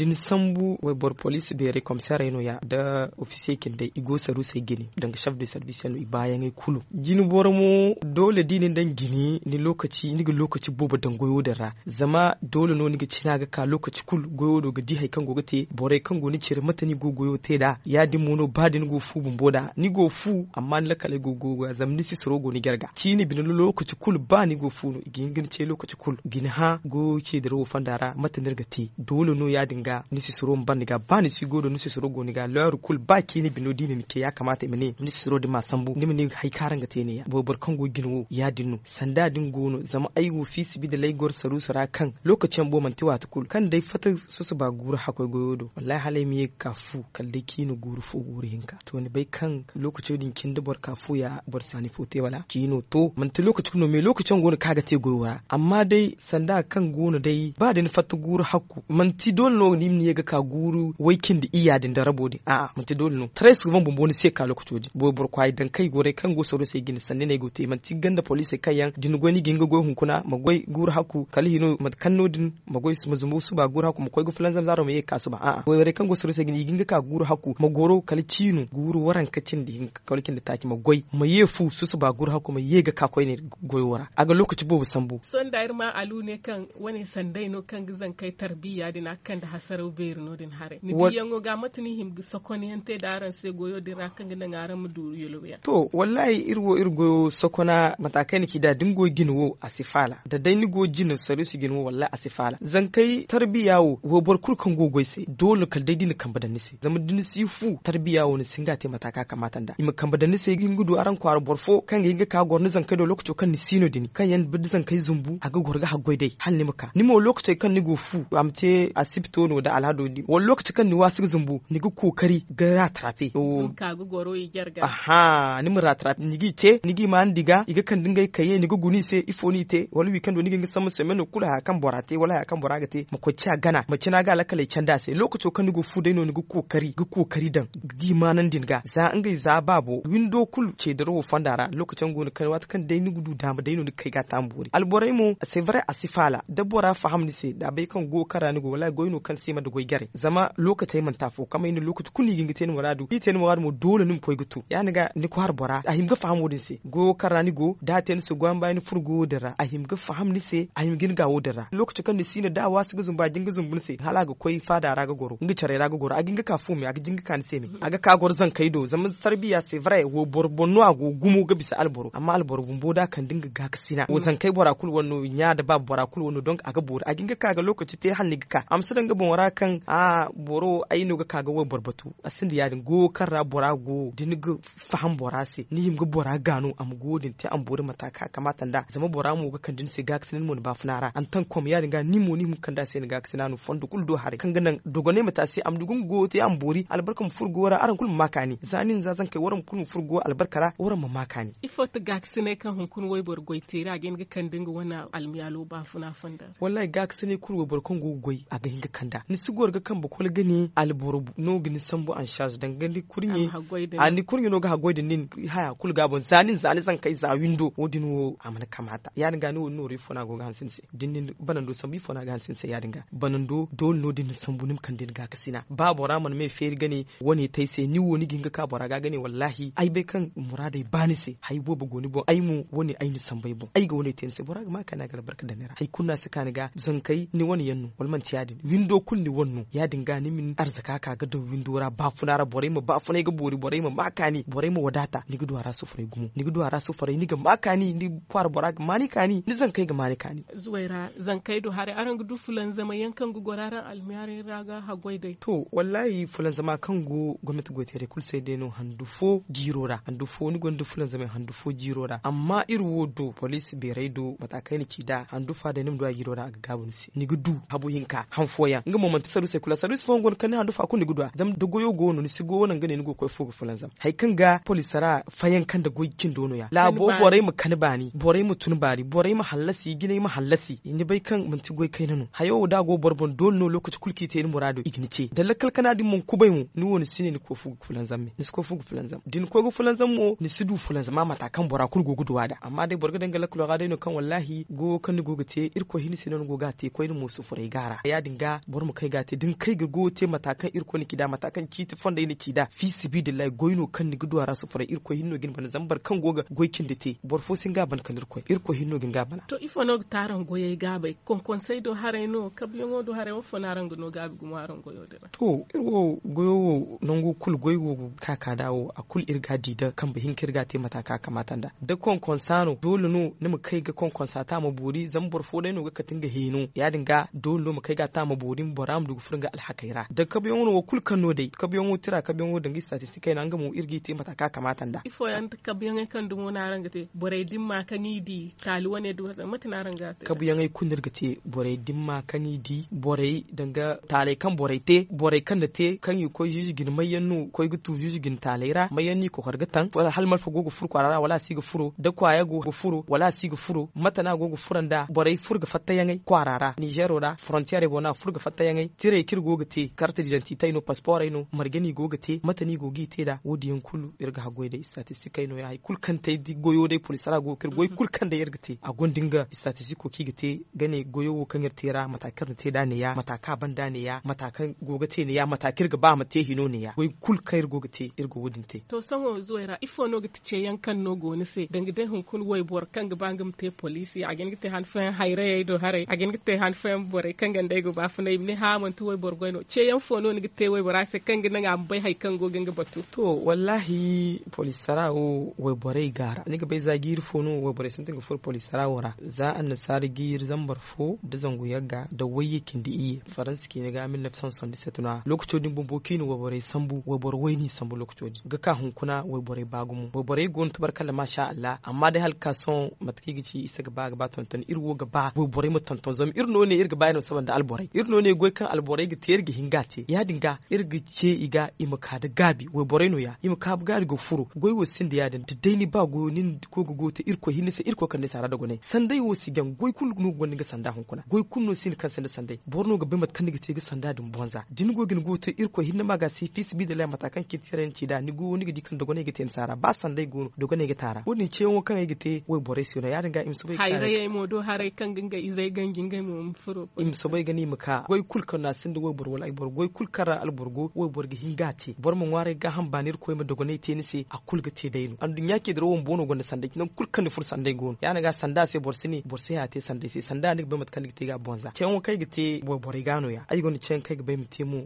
Speaker 3: din sambu wai bor police bere komsare no ya da ofisiye kin dai igo saru sai igini danga chef de service no ibaya ngai kulu jini mu dole dini dan gini ni lokaci ni ga lokaci boba dan goyo da ra zama dole no ni ga cina ga ka lokaci kul goyo do ga dihai kan goga te borai kan go ni cire mata ni goyo te da ya di mono ni go fu bun da ni go fu amma ni lakale go go zam ni si soro go ni garga cini bin lokaci kul ba ni go fu no gini ce lokaci kul gini ha go ce da ro fandara mata nirga te dole no ya dinga ni si soro ban ni ga ba ni si go do ni si soro go ni ga lawyer kul ba kini bin dini ni ke ya kama kamata ni siro di masambu nimini hay ga tene ya bobar kango ginwo ya dinno sanda din gono zama aiwo fi bi da laigor saru sara kan lokacin bo manti wata kul kan dai fata susu ba gura hakoi goyodo wallahi halai mi kafu kalde kino guru fo guru hinka to ni bai kan lokacin din kin dubar kafu ya bar sani fote wala kino to manti lokacin no me lokacin gono kaga te wa amma dai sanda kan gono dai ba da ni fata guru hakku manti dole no ni ne ga ka guru waikin da iya din da rabo a'a manti dole no tare su ban ni sai kala kutoji bo bor dan kai gore kan go soro sai gin sanne ne go te man tigan da police yan din goni gin go hun kuna magoi gur haku kali hino mat kanno din magoi su mazumu su ba gur haku koi go fulan zam zaro me su ba bo gore kan go soro sai gin gin ka gur haku magoro kali cinu guru waran ka cin din ka kalkin da taki magoi ye fu su su ba gur haku ye ga koi ne wara. aga lokaci bo sambu
Speaker 1: son da irma alu ne kan wani sandai no kan gizan kai tarbiya din akan da hasarau no din hare ni biyan go ga matni him sokoni ente daran sai goyo din kan ngina ngara mu duru yelo ya
Speaker 3: to wallahi irwo irgo sokona matakai niki da dingo ginwo sifala da dai nigo jinin sarusi ginwo wallahi sifala zan kai tarbiyawo wo bor kurkan gogoi sai dole kal dai dinin kamba da nisi zama dinin si fu tarbiyawo ni singa te mataka kamata da ima kamba da nisi gingu du aran kwar borfo kan ginga ka gorni zan kai do lokaci kan ni sino dini kan yan bidi zan kai zumbu aga gorga hagoi dai hal ni muka ni mo lokaci kan ni go fu amte asibto no da alhado di lokaci kan ni wasu zumbu ni go kokari ga ra trafe o koro i jarga aha ni mu ni muratrap nigi che nigi man diga i iga kan dingai kaye nigi guni se i foni te wala wi kan weekend nigi ngi samu semen kula ha kan borate wala ha kan boraga te mu ko cha gana mu cina ga lakale canda se lokaci kan nigi fu dai no ni nigi kokari gi kokari dan gi manan dinga za an ngai za babu window kul ce da ro fandara lokacin gona kan wata kan dai ni nigi du dama dai no ni kai ga tambori alborai mu se vrai asifala da bora ni se da bai kan go kara ni nigi wala goyno kan sema da gare zama lokacin man tafo kamar ni lokaci kun ni ni waradu ite ni waradu dole kulu nin poi gutu yani ga ni ko har bora ahim ga faham wodin se go karani go da ten su gwan bayin furgo dara ahim ga faham ni se ahim gin ga wodara lokacin kan ni sine da wasu gizun ba jin gizun bun se hala ga koi fada ra ga goro ngi chare ra ga goro agin ga kafu me aga jin ga kan se mi aga ka gor zan kai do zaman tarbiya se vrai wo borbonno ago gumu ga bisa alboro amma alboro bumbo da kan dinga ga kasina wo zan kai bora kul wonno nya da ba bora kul wonno don aga bor agin ga ka ga lokaci te hanni ga ka amsa dan ga bon kan a boro aino ga ka ga wo borbatu asin da yadin go kan ra bora go go dinig faham bora se ni yim bora gano am go din te am bori mataka kamata da zama bora mu ga kan din se ga ksin mun ba funara an tan kom ya dinga ni mu ni mun kan da se ga ksin anu fondo kul do hari kan ganan dogone mata se am dugun go te am bori furgo furgora aran kul makani zanin za zan kai waran kun furgo albarkara waran mu makani
Speaker 1: ifo ta ga ksin kan hun kun wai borgoi ra ga ga kan dinga wana almiyalo ba funa fanda
Speaker 3: wallahi ga ksin kurwe borkon go goi a ga hinga kanda ni sigor ga kan ba kul gani alboro no gani sambu an shaz dangandi kurnye ani kun yuno ga goydin nin haya kul ga bon zanin zanin san kai za windo wodin wo amana kamata yani gani wonno no fona go gansin sinse dinin banan do sambi fona gansin se yadinga banan do dol no din nim kan din ga kasina ba bora man me fer gani wani tai ni woni ginga ka bora ga gani wallahi ai bai kan muradai bani se hay bo bo goni bo ai mu woni ai ni sambai bo ai ga woni tai se bora ga ma kana gar barka da nera ai kunna suka ni ga zan kai ni wani yannu walman yadin windo kun ni wannu yadinga ni min arzaka ka ga do windo ra ba funara bore mu ba funai ga bori bora bore ma makani bore ma wadata ni gudu ara su fure gumu ni gudu ara su fure ni ga makani ni kwar bora ga mani ni zan kai ga mani
Speaker 1: zuwaira zan kai do hare aran gudu fulan zama yankan gu goraran almiyarin raga hagwai dai
Speaker 3: to wallahi fulan zama kan gu gwamnati gotere kul sai dai no handufo girora handufo ni gondu fulan zama handufo girora. amma iru wodo police be raido matakai ni kida handufa da nim do girora ga si ni gudu habu yinka hanfoya ngamo man tasaru sai kula saru sai gon kan handufa ku ni gudu zam dogoyo go ni sigo wonan gane ni go koy fugu zam hay kan ga polisara fayan kan da gokin dono ya la bo bore mu kanbani bore mu tunbari bore mu hallasi gine mu hallasi ini bai kan mun ti goy kai nanu hayo da go borbon dono lokaci kulki te murado ignice da lakal kana din mun kubai mu ni woni sine ni ko fugu fulan zam ni ko fugu zam din ko go zam mo ni sidu fulan zam mata kan bora go guduwa da amma dai borga dangala kula ga dai no kan wallahi go kan ni gogo te irko hin sine no goga te ko ni musu furai gara ya dinga bor mu kai gate din kai ga go te kan irko ni kida matakan kiti fonda ni kida fi sibidillahi goyno kan ni gudu ara sufura irko hinno gin bana zambar kan goga goykin dite bor fo sin gaban kan irko irko hinno gin bana.
Speaker 1: to ifo no taran goye gabe kon sai do hare no kabli mo do hare fo naran go no gabe gumo aran goyo de
Speaker 3: to irwo goyo wo nongo kul goyo kaka dawo a kul irga dida kan bihin kirga te mata ka mata da da kon sano dole no ni mu kai ga kon ta mu bori zambar fo dai no ga katinga hino ya dinga dole mu kai ga ta mu buri boram du furinga alhakaira da kabiyon wo kul kan no dai kabiyon wo tira kabiyon wo dangi statistics nanga mu irgi te mata ka kamata da
Speaker 1: ifo yan ka biyan ai kan dumo na ranga te borai dimma kan yidi tali wane du ta mata na ranga te ka
Speaker 3: biyan ai kun irga te borai dimma kan di. borai danga tale kan borai te borai kan da te kan yi ko yuji gin mai nu ko gutu yuji gin tale ra mai yanni ko harga tan wala hal malfa gogo fur ra wala si furo da kwaya gogo furo wala si furo mata na gogo furan da borai furga fatta yangai kwarara nigero da frontiere bona ga fatta yangai tire kirgo ga te carte d'identité no passeport no margani gogo ga te mata ni gogi te da da wodi yankulu irga hagoy da statistikai no yahay kulkan tay di goyo dai police ara go kir goy mhm. kulkan da yarga te a gondinga statistiko ki gite gane goyo wo kan yartera matakar te da ne ya mataka ban da ne ya matakan goga te ne ya matakir ga ba mate hino ne ya goy kulkan irgo gite irgo wodin te
Speaker 1: to sanwo zuwa era ifo no gite ce yankan no go ne se dangi dai hun kul way bor kan ga bangam te police a gen gite han fen hayre do hare a gen gite han fen bore kan ga ndai go ba fu ne ha mun tu way bor no ce yan fo no ne gite way bor se kan ga nan am
Speaker 3: bai hay kan go gen ga batu to to wallahi polisarao wai bore gara niga bai za fo no wai bore sun tinga fur polisarao ra za an giri zan bar fo da zangu yagga da waye kin di iye faransi ki ne ga 1977 na lokacin din bumbo kini wai bore sambu wai bore wai ni sambu lokacin ga ka hunkuna wai borai bagumu wai bore gon tabarkala masha Allah amma dai halka son matki gici isa gaba ba tonton irwo ba wai mu tonton zam irno ne irga bayan saban da alborai irno ne kan alborai ga tayar ga hingate ya dinga irga ce iga imaka da gabi wai boreno ya im kab gari go furu goy wo sindi ya den daily ba go nin ko go go te irko hinisa irko kan sara da ne sandai wo sigan goy kul no gon ga sanda hon kuna goy kun no sin kan sanda sandai borno go bimat kan ga te ga sanda dum bonza din go gin go te irko hinna ma ga si fis bi da la mata kan kitiren ci da ni go ni ga dikan dogo ne ga ten sara ba sandai go dogo ne ga tara woni ce won kan ga te wo bore si sino ya ringa im subai kai rai
Speaker 1: mo do harai kan ginga izai gangin ga mo furu
Speaker 3: im subai gani muka goy kul kan na sin wo bor wala bor goy kul kara al borgo wo bor ga higati bor mo ware ga ham banir ko ma dogonai teni se a kulga te dailu an dunya ke drawon bono gonda sanda kinan kulkan fur sanda gon yana ga sanda se borsini borsi ya te sanda se sanda ni be matkan te ga bonza cen kai ga te bo bore gano ya ai gonda cen kai ga be mite mu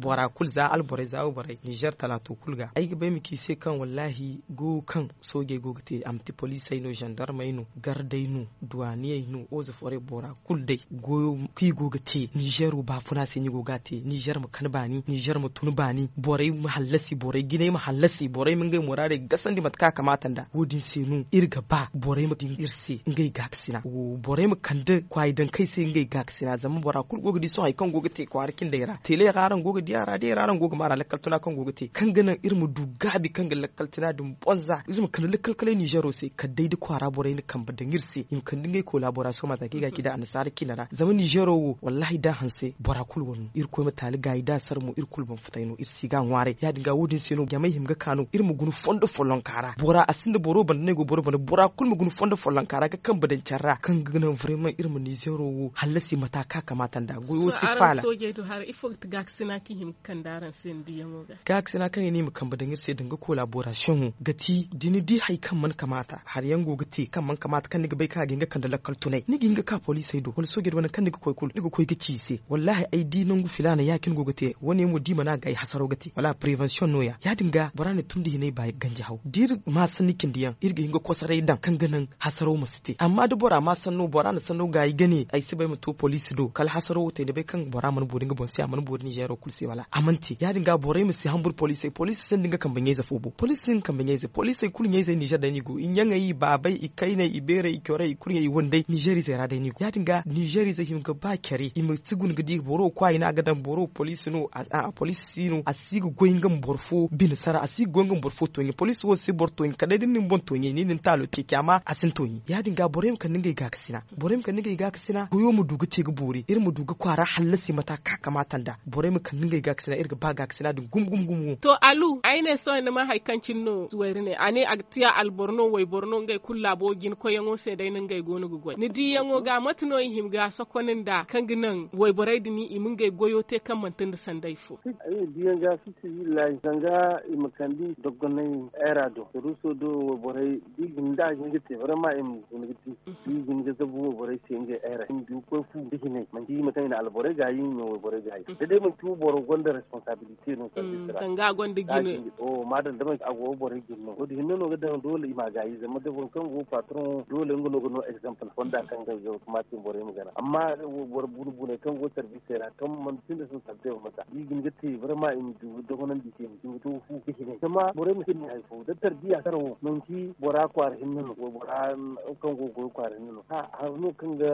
Speaker 3: bora kulza al bore za bore niger talatu kulga ai ga be mi ki se kan wallahi go kan soge go te amti police no gendarme no gardai no duwaniye no ozu fore bora kul dai go ki go ga te niger ba funa se ni go ga te niger mu kan bani niger mu tun bani bore mu halasi bore borai gine ma halasi borai mun gai morare gasan di matka kamata da wudi senu irga ba borai mu din irse ngai gaksina wo borai mu kande kwai dan kai sai ngai gaksina zaman bora kul gogo di so ai kan gogo te kwarkin da ira tele garan gogo di yara da yaran gogo mara tuna kan gogo te kan ganan irmu dugabi kan ga tuna dum bonza irmu kan kale ni jaro sai ka daidi kwara borai ni kan badan irse im kan dingai collaboration mata ki ga kida ansar kinara zaman ni jaro wallahi da hanse bora kul wonu irko mata liga da sarmu irkul ban futaino irsi ga ware ya dinga wudin feno yamai himga kanu mu gunu fondo folon kara bora asinde boro ban ne go boro ban bora kul mu gunu fondo folon kara ga kan badan charra kan gnan vraiment mu ni zero wo halasi mata ka kamata da yo si fala so
Speaker 1: ge to har ifo ga sina ki him kan daran sen di yamo ga
Speaker 3: ga sina kan ni mu kan badan ir irse dinga collaboration gati dini di hai kan man kamata har yango gati kan man kamata kan ni bai ka ginga kan da lakkal tunai ni ginga ka police do wal so ge wannan kan ni koy kul ni koy ga ci se wallahi ai di nan gu filana yakin go gati wani mu di mana ga hasaro gati wala prevention no ya ya yadinga barani tun dihinai ba ganji hau dir ma kin diyan irga hinga kosarai dan kan ganan hasaro mu site amma da bora ma sanno bora na sanno ga yi gane ai sai bai mu to police do kal hasaro wote ne bai kan bora mun bodin ga bonsi amman bodin ro kulse wala amanti ya dinga yadinga borai musi hambur police police san dinga kan banyai za fobo police sun kan banyai za police kul yayi zai ni jada ni go in yanga yi babai kai ne i i bere kore i ikure yi wondai nijeri zai rada ni go ya yadinga nijeri zai hinga ba kare i imu tsigun gidi boro kwai na ga dan boro police no a police sino a sigu goyin gan borfo bil sara asi gongon bor fo tonyi police wo si bor tonyi kada din nin bon tonyi ni nin talo ke kyama asin tonyi ya dinga borem kan ninga ga kasina borem kan ninga ga kasina goyo mu dugu ce ga bore ir mu dugu kwara hallasi mata ka kamata da borem kan ninga ga kasina ir ga ba ga kasina dun gum gum gum
Speaker 1: to alu aine so ne ma haikancin no ne ani agtiya alborno wai borno ngai kulla gin ko yango se dai ngai gonu gugo ni di yango ga matno him ga sokonin da kan ginan wai borai dini imin ngai goyo te kan mantin da sandai fo
Speaker 2: diyan ga su ti lai zanga na im kandi dogonai era do ruso do borai di ginda ginga te vraiment im gunigti mhm. di ginga zabu borai singa era im du ko fu di ne man di mata ina albore gayi mhm. no bore gayi da dai mun mm, tu boro gonda responsibility no sabbi
Speaker 1: tanga gonda gine
Speaker 2: o oh, madan da mai ago bore gine ko di hinno ga dan dole ima gayi zama da bon kan go patron dole ngolo no example fonda mhm. kan ga zo kuma tin bore mu gana amma bor buru bune kan go service era kan man tin da sun mata im du dogonan di hindu kishine kuma bore mu hinne ay fo de tarbiya taro mun ki bora kwar hinne no bora kan go go kwar hinne ha ha no kan ga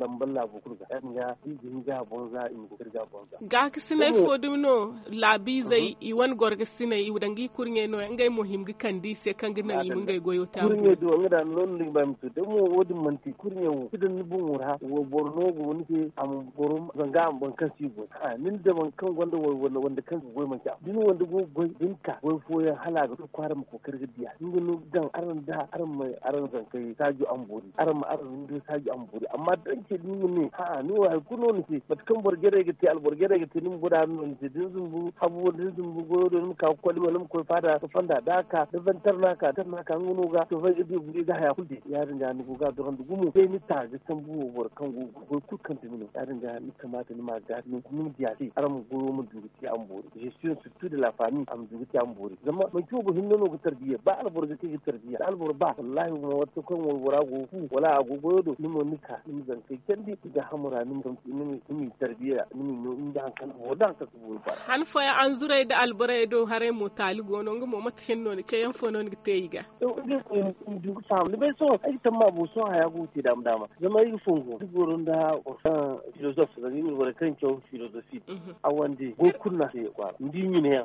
Speaker 2: lambal la bu kurga an ya jin ga bonza in go kurga bonza ga fo
Speaker 1: dum labi zai i wan gorga sine i wadangi kurnge no ngai muhim gi kandi se kan gi na yi mun gai goyo ta kurnge do
Speaker 2: ngada non li bam to de mo wodi man ti kurnge wo kidan ni bun wura wo borno go ni ke am borum zanga am ban kan si go ha nin da man kan gonda wanda kan go man din wanda go gon inka gon foya hala ga su kwara mu kokar gidiya ngunu dan aran da aran mai aran zan kai saju an buri aran mu aran da saju an buri amma dan ke ni ne ha ni wa kuno ni ce bat kan borgere ga ti al borgere ga ti nin buda min ce din zun bu habu din zun bu go don ka kwali wala mu ko fada ko fanda da ka da bantar na ka tan na ka ngunu ga to fai gidi buri ga ya kulde yarin da ni go ga duran du gumu sai ni ta ga san buwo bor kan go go ku kan ti mino yarin da ni kamata ni ma ga ni mun diya ti aran mu go mu duri ti an buri je suis surtout de la famille am am zuguti am buri zama man cubu hinno no tarbiya ba al burga ke tarbiya al bur ba wallahi mo wato kon won wura go fu wala go godo nimo nika nimo zan kai kendi ga hamura nimo nimo nimo tarbiya nimo nimo dan kan wo dan ka buri ba
Speaker 1: han fa an zure da al burai do hare mo tali go no ngo mo mat hinno ne ke yan fo no ni teyiga to ni ko
Speaker 2: du sam ne be so ai tamma bu so haya go ti dam dama zama yi fungo duk wurin da filosofi yi wuri kan kyau filosofi mhm. a wanda gokunna sai ya kwara ndi ne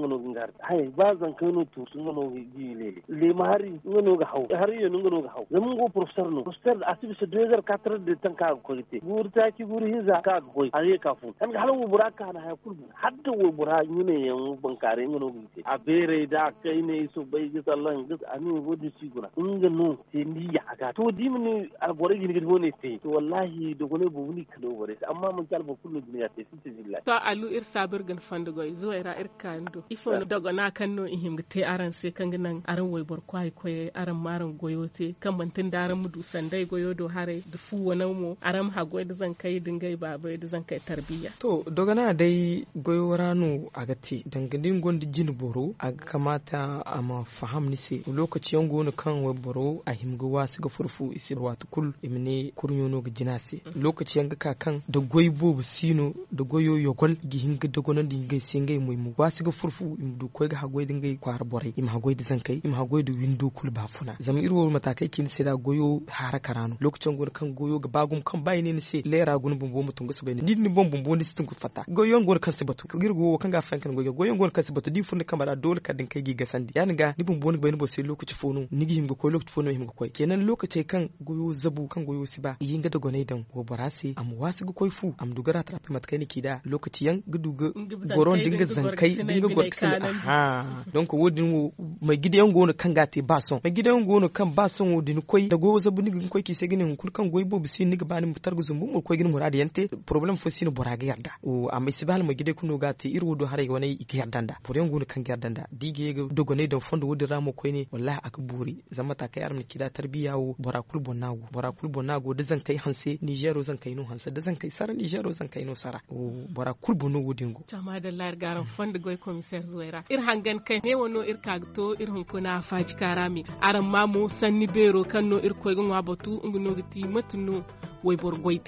Speaker 2: ngano ngar hay ba zan ka no to sun ngano gi lele le ma hari ngano ga haw har yo ngano ga haw zamu go professor no professor asib se 2004 de tan ka ko gite gur ta ki gur za ka ko hari ka fu an ga halu bura ka na hay kul hadda wo bura ne yan bankare ngano gite a bere da kai ne so bai ji sallan gi ani wo di sigura no te ni ya ga to di mun a gore gi ni ne te to wallahi do gole bu ni do bare amma mun talba kullu duniya te sitte billahi
Speaker 1: ta alu ir sabir gan fandugo zuwa ira ir kando ifon dogo na kan no ihim te aran se kan nan aran wai bor kwai ko aran maran goyote kan mantin daran mudu sandai goyo do hare da fu wona mu aran hago da zan kai dingai baba da zan kai tarbiya
Speaker 3: to dogo na dai goyo rano agati A gondi jin boro aga kamata ama faham ni se lokaci yango no kan wai boro a himgo wasu ga furfu isir watu kul imne kurnyo no ga jinase mm-hmm. lokaci yanga ka kan da bu sino da goyo yogol gihin ga dogonan dingai singai mu mu wasu ga furfu fu im du koy ga hagoy dinga kwar borai im ha da zan kai im hagoy da window kul ba funa zam iru wol mata kay kin sai goyo hara karano lokacin gon kan goyo ga bagum kan bai ni se lera gun bum mutun gusu bai ne din bum bumbo ni sitin ku fata goyo gon kan sibatu girgo kan ga fankan goyo goyo gon kan sibatu di fun kan bada dole ka din kay gi gasandi yan ga ni bum ni bai ne bo sai lokaci fono nigi him ga koy lokaci fono him ga koy kenan lokaci kan goyo zabu kan goyo siba yin ga da gonai dan wo borasi am wasu ga koy fu am dugara tarafi matkai ne ki da lokaci yan gudu go goron dinga zankai dinga go excel aha donc wodin mai gidan gona kan gate ba son mai gidan gona kan ba son wodin koi da gowo zabu ni koi ki sai kun kan goyi bo bisi ni gabani mutar guzum mu koi gin murade yante problem fo sino boraga yarda o amma bal mai gidan kuno gate iru do hare wani yarda da pore gona kan yarda da dige ga dogone da fondo wodi ramo koi ne wallahi aka buri zama ta kai armi kida tarbiya wo borakul bonago borakul bonago da zan kai hanse nigero zan kai no hanse da zan kai sara nigero zan kai no sara o borakul bono wodin go
Speaker 1: tama da garan fondo goyi commissaire kan zuwaira ir hangan kai ne wono ir kagto ir hun kuna faji karami aran mamu sanni bero kanno ir koygon wa batu ngno giti matno wai bor goy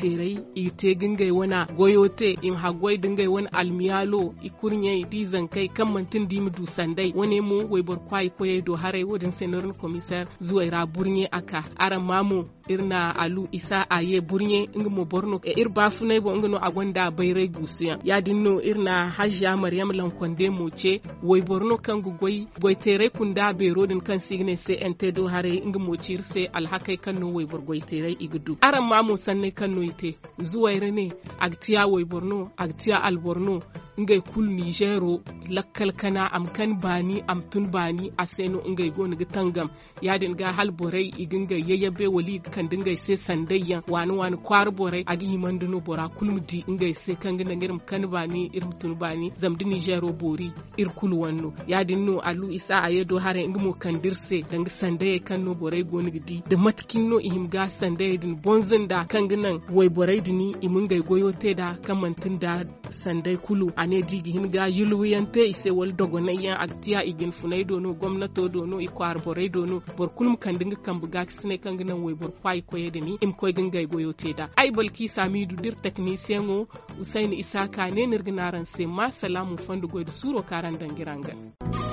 Speaker 1: i te gingay wana goyote im ha goy dingai wani almiyalo i kurnye di zankai kan mantin di mudu sandai wani mu wai bor kwai koye do hare wodin senorin komisar zuwa ira burnye aka ara mamu irna alu isa aye burnye inga mo borno e ir bafunai bo inga no agwanda bayrai gusuya ya dinno irna hajiya maryam lankonde mu ce wai borno kan gugoy goy terey kunda be rodin kan signe se ente do hare inga mo cirse alhakai kan no wai bor goy terey igudu ara mamu sanne kanno ite zuwairene agtiya wai borno agtiya al borno ngai kul nigero lakkal kana am kan bani am tun bani a seno ngai go ni tangam yadin ga hal borai igin yaya yayabe wali kan dingai se sandayya wani wani kwar borai agi bora kulmdi ngai se kan gina ngirim kan bani irin tun bani zamdi nigero bori ir kul wanno yadin no alu isa ayedo hare ngimo kan dirse dang sandaye kan no borai go ni gidi da matkin no ihim ga sandaye din bonzin da kanginan wayboray dini goyo goyote da kamantin da sandai kulu ne digi ga hinga te ise wal yan aktiya igin funai dono gwamnato dono iko arboray dono bor kulum kan dinga kan kambuga sine kanginan waybor kwai koye dini im koy goyo goyote da ai balki samidu dir technicien o usaini isaka ne nirginaran se ma salamu fandu goyde suro karan dangiranga